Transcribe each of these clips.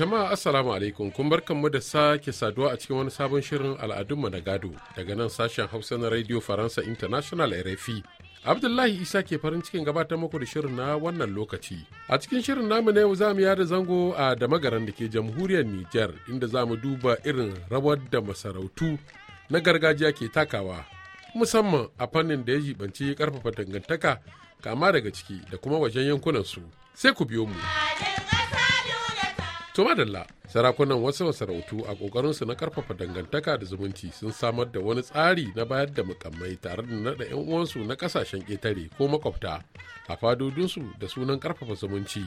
Jama'a Assalamu alaikum kun mu da sake saduwa a cikin wani sabon shirin al'adunmu na gado daga nan sashen Hausa na Radio Faransa International RFI. Abdullahi Isa ke farin cikin gabatar muku da shirin na wannan lokaci. A cikin shirin namu na yau za mu yada zango a damagaran da ke jamhuriyar Nijar inda za mu duba irin rawar da masarautu na gargajiya ke takawa musamman a fannin da ya jibanci karfafa dangantaka kama daga ciki da kuma wajen yankunan su sai ku biyo mu. To madalla, sarakunan wasu masarautu a ƙoƙarinsu na ƙarfafa dangantaka da zumunci sun samar da wani tsari na bayar da mukammai tare da naɗa 'yan uwansu na ƙasashen ƙetare ko makwabta a fadodinsu da sunan ƙarfafa zumunci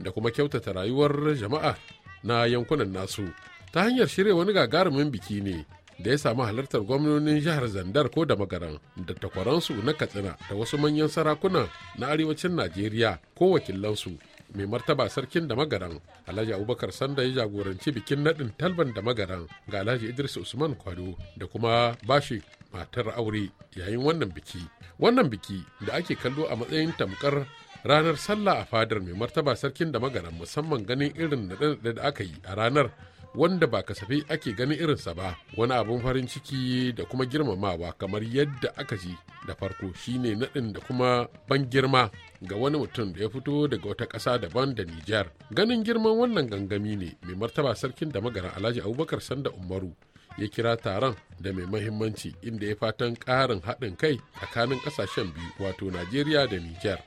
da kuma kyautata rayuwar jama'a na yankunan nasu ta hanyar shirya wani gagarumin biki ne da ya samu halartar gwamnonin jihar zandar ko da magaran da takwaransu na katsina da wasu manyan sarakuna na arewacin najeriya ko wakilansu mai martaba sarkin da magaran alhaji abubakar sanda ya jagoranci bikin nadin talban da magaran ga alhaji idris usman kwado da kuma bashi matar aure yayin wannan biki wannan biki da ake kallo a matsayin tamkar ranar sallah a fadar mai martaba sarkin da magaran musamman ganin irin naɗe da aka yi a ranar wanda ba kasafi ake ganin irinsa ba wani abin farin ciki da kuma girmamawa kamar yadda aka ji da farko shine naɗin da kuma ban girma ga wani mutum da ya fito daga wata ƙasa daban da Nijar. Ganin girman wannan gangami ne mai martaba sarkin da magara Alhaji Abubakar Sanda Umaru ya kira taron da mai mahimmanci inda ya fatan ƙarin haɗin kai tsakanin ƙasashen biyu wato Najeriya da Nijar.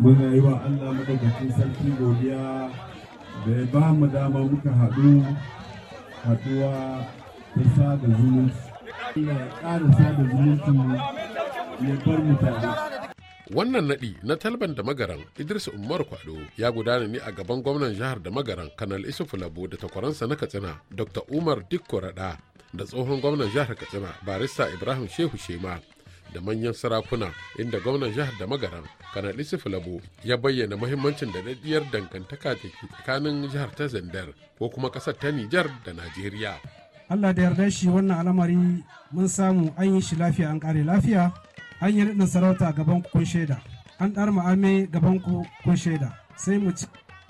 Muna yi wa Allah madadin sarki godiya da ya ba mu dama muka haɗu haɗuwa ta sada zumunci. Allah ya ƙara sada zumunci wannan naɗi na talban da magaran idris umar kwado ya gudana ne a gaban gwamnan jihar da magaran kanal isufu labo da takwaransa na katsina dr umar dikko rada da tsohon gwamnan jihar katsina barista ibrahim shehu shema da manyan sarakuna inda gwamnan jihar da magaran kanal isufu labo ya bayyana muhimmancin da daɗiyar dangantaka da ke tsakanin jihar ta zandar ko kuma ƙasar ta nijar da najeriya allah da yarda shi wannan al'amari mun samu an yi shi lafiya an kare lafiya an yi naɗin sarauta gaban kun shaida an ɗar ma'ame gaban ku kun shaida sai mu ci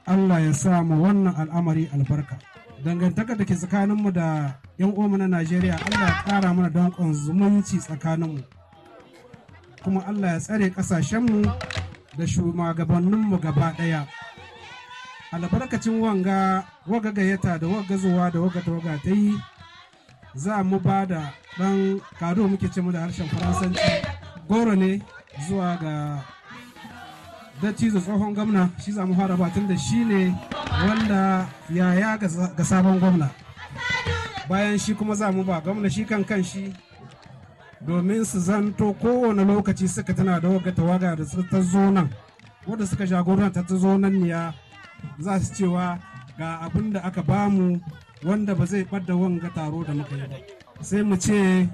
Allah ya sa mu wannan al'amari albarka dangantaka da ke tsakaninmu da yan uwanmu na Najeriya Allah ya ƙara mana danƙon zumunci tsakaninmu kuma Allah ya tsare ƙasashenmu da shugabanninmu gaba ɗaya albarkacin wanga waga gayyata da waga zuwa da waga ta yi za mu ba da ɗan karo muke ce mu da harshen faransanci goro ne zuwa ga dattijo tsohon gwamna shi za mu fara batun da shi ne wanda yaya ga sabon gwamna bayan shi kuma za mu ba gwamna shi kan kan shi domin su zanto kowane lokaci suka tana da waga waga da ta zo nan wadda suka jagoranta ta zo nan ya za su cewa ga abin da aka bamu wanda ba zai bada wanga taro da muka yi ba sai mu ce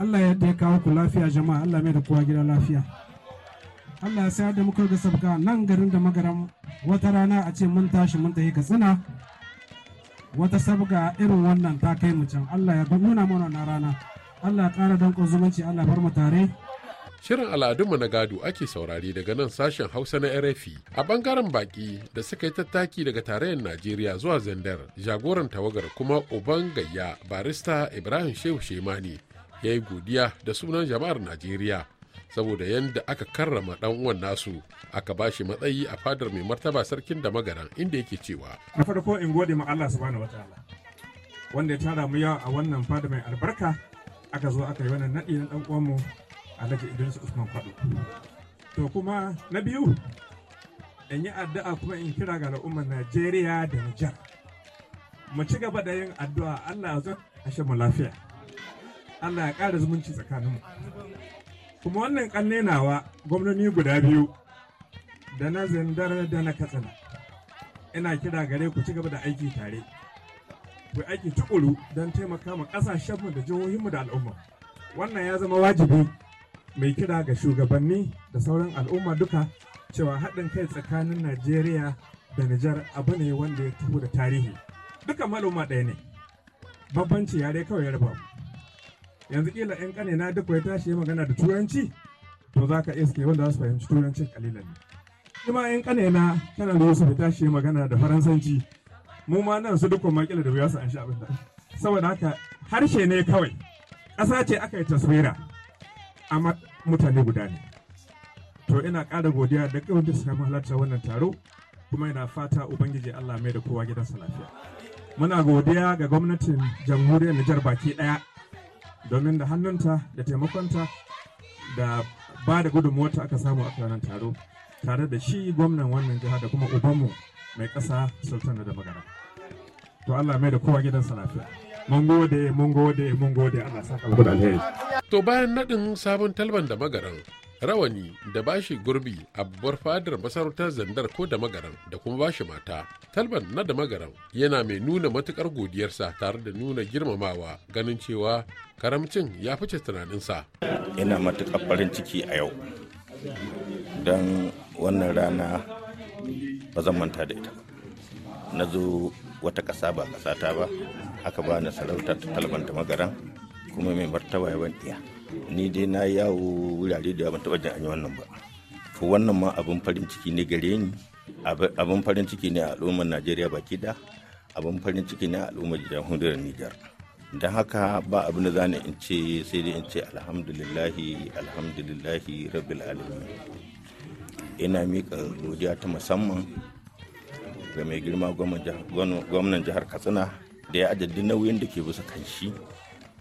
Allah ya ya kawo ku lafiya jama'a Allah mai da kowa gida lafiya Allah ya sayar da muka ga sabga nan garin da magaram wata rana a ce mun tashi mun tafi katsina wata sabga irin wannan ta kai mu can Allah ya nuna mana na rana Allah ya ƙara danƙon zumunci Allah bar mu tare Shirin al'adunmu na gado ake saurari daga nan sashen Hausa na RFI a bangaren baki da suka yi tattaki daga tarayyar Najeriya zuwa Zandar jagoran tawagar kuma uban gayya barista Ibrahim Shehu Shemani ya yi godiya da sunan jama'ar najeriya saboda yadda aka karrama dan uwan nasu aka ba shi matsayi a fadar mai martaba sarkin da magaran inda yake cewa na farko in gode ma Allah subhanahu wataala wanda ya tara mu yawa a wannan fada mai albarka aka zo aka yi wannan naɗi na dan uwanmu Alhaji Idris Usman Fado to kuma na biyu in yi addu'a kuma in kira ga al'ummar Najeriya da Nijar mu ci gaba da yin addu'a Allah ya zo mu lafiya Allah ya ƙara zumunci tsakaninmu kuma wannan ƙanne nawa gwamnoni guda biyu da na zindar da na katsina ina kira gare ku ci gaba da aiki tare ku aiki tukuru don taimaka ma ƙasashenmu da jihohin mu da al'umma wannan ya zama wajibi mai kira ga shugabanni da sauran al'umma duka cewa haɗin kai tsakanin najeriya da nijar abu ne wanda ya taho da tarihi duka maluma ɗaya ne babbanci yare kawai ya raba yanzu kila yan kane na duk ya tashi magana da turanci to za ka iske wanda za su fahimci turancin kalilan ne kuma yan kane na kana da su tashi magana da faransanci mu ma nan su dukkan ma kila da wuya su an sha abin da saboda haka harshe ne kawai ƙasa ce aka yi taswira amma mutane guda ne to ina ƙara godiya da kawai da suka halarta wannan taro kuma ina fata ubangiji Allah mai da kowa gidansa lafiya muna godiya ga gwamnatin jamhuriyar Nijar baki ɗaya domin da hannunta da taimakonta da ba da ta aka samu a kanan taro tare da shi gwamnan wannan jiha da kuma ubanmu mai ƙasa sultan da magana to Allah mai da kowa gidansa lafiya mun gode mun gode mun gode Allah saka alheri to bayan nadin sabon talban da magaran rawani da bashi gurbi a babbar fadar masarautar zandar ko da magaran da kuma bashi mata talban na da magaran yana mai nuna matukar godiyarsa tare da nuna girmamawa ganin cewa karamcin ya fice tunaninsa ina matukar farin ciki a yau don wannan rana ba zan manta da ita na zo wata ƙasa ba ƙasata ba aka bani sarauta ta talban da magaran kuma mai martaba ya ban iya ni dai na yawo wurare da ban taɓa jin an yi wannan ba ko wannan ma abin farin ciki ne gare ni abin farin ciki ne a al'ummar najeriya baki da abin farin ciki ne a al'ummar jamhuriyar nijar don haka ba abin da zani in ce sai dai in ce alhamdulillahi alhamdulillahi rabbil alamin ina miƙa godiya ta musamman ga mai girma gwamnan jihar katsina da ya adadin nauyin da ke bisa kan shi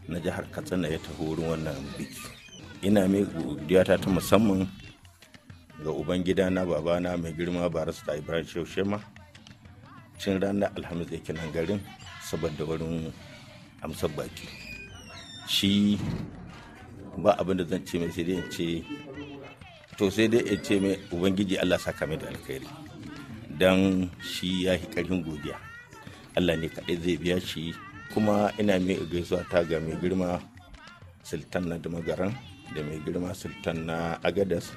na jihar katsina ya taho wurin wannan biki ina mai godiyata ta musamman ga gida na babana mai girma barista ibrahim shaushema cin ranar alhamis yake nan garin saboda wurin amsar baki shi ba abin da zan ce mai sai dai ce to sai dai in ce mai ubangiji allah saka mai da alkhairi don shi ya fi karfin godiya allah ne kaɗai zai biya shi kuma ina mai gaisuwa ta ga mai girma sultan na damagaran da mai girma sultan na agadas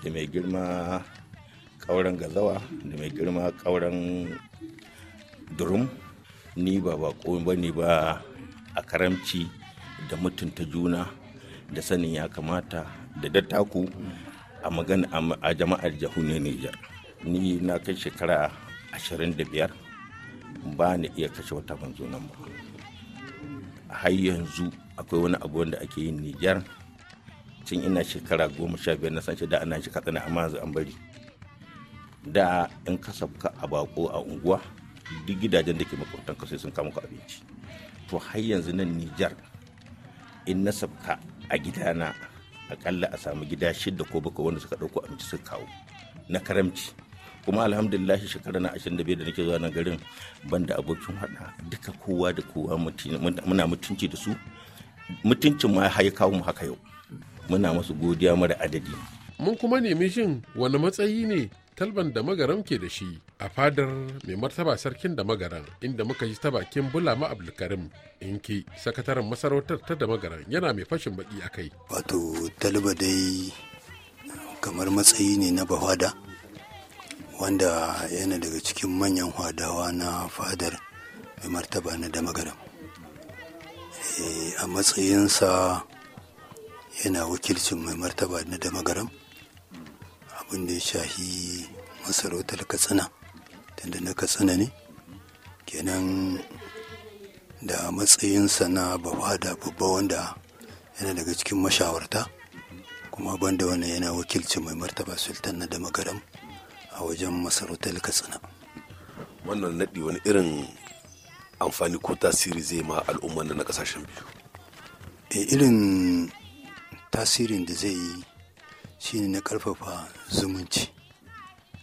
da mai girma kauren gazawa da mai girma kauren durum ni ba bako ba ne ba a karamci da mutunta juna da sanin ya kamata da dattaku a magana a jama'ar jahuniyar Nijar. ni na kai shekara 25 ba ni iya kashe wata banzo nan ba har yanzu akwai wani abu wanda ake yin nijar tun ina shekara goma sha biyar na san da ana shi katsina amma yanzu an bari da in ka sabka a bako a unguwa duk gidajen da ke makwabtan ka sai sun kama ka abinci to har yanzu nan nijar in na sabka a gidana akalla a samu gida shidda ko baka wanda suka ɗauko abinci suka kawo na karamci kuma alhamdulillah shekara na 25 da nake zuwa nan garin banda abokin hada duka kowa da kowa muna mutunci da su mutuncin ma ya kawo mu haka yau muna masu godiya mara adadi mun kuma nemi shin wani matsayi ne talban da magaram ke da shi a fadar mai martaba sarkin da magaran inda muka yi ta bakin bulama abdulkarim inki sakataren masarautar ta da magaran yana mai fashin baki a kai wato talba dai kamar matsayi ne na bahada wanda yana daga cikin manyan hadawa na fadar mai martaba na damagaram eh, a matsayinsa yana wakilcin mai martaba na damagaram abinda ya shahi masarautar katsina tunda na katsina ne kenan da matsayinsa na da babba wanda yana daga cikin mashawarta kuma banda wannan yana wakilcin mai martaba sultan na damagaram a wajen masarautar katsina wannan naɗi wani irin amfani ko tasiri zai ma al'umman na kasashen biyu e irin tasirin da zai yi shine na karfafa zumunci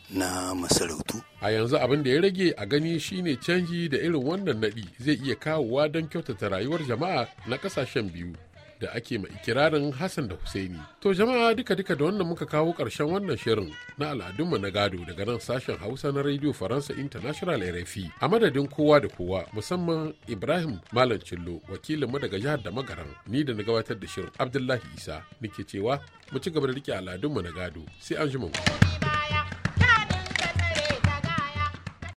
na masarautu a yanzu abin da ya rage a gani shine canji da irin wannan naɗi zai iya kawowa don kyautata rayuwar jama'a na kasashen biyu da ake mai ikirarin Hassan da Husaini. To jama'a duka duka da wannan muka kawo ƙarshen wannan shirin na al'adunmu na gado daga nan sashen Hausa na Radio Faransa International RFI. A madadin kowa da kowa musamman Ibrahim Malam Cillo wakilinmu daga jihar da magaran ni da na gabatar da shirin Abdullahi Isa nake cewa mu ci gaba da rike al'adunmu na gado sai an jima mu.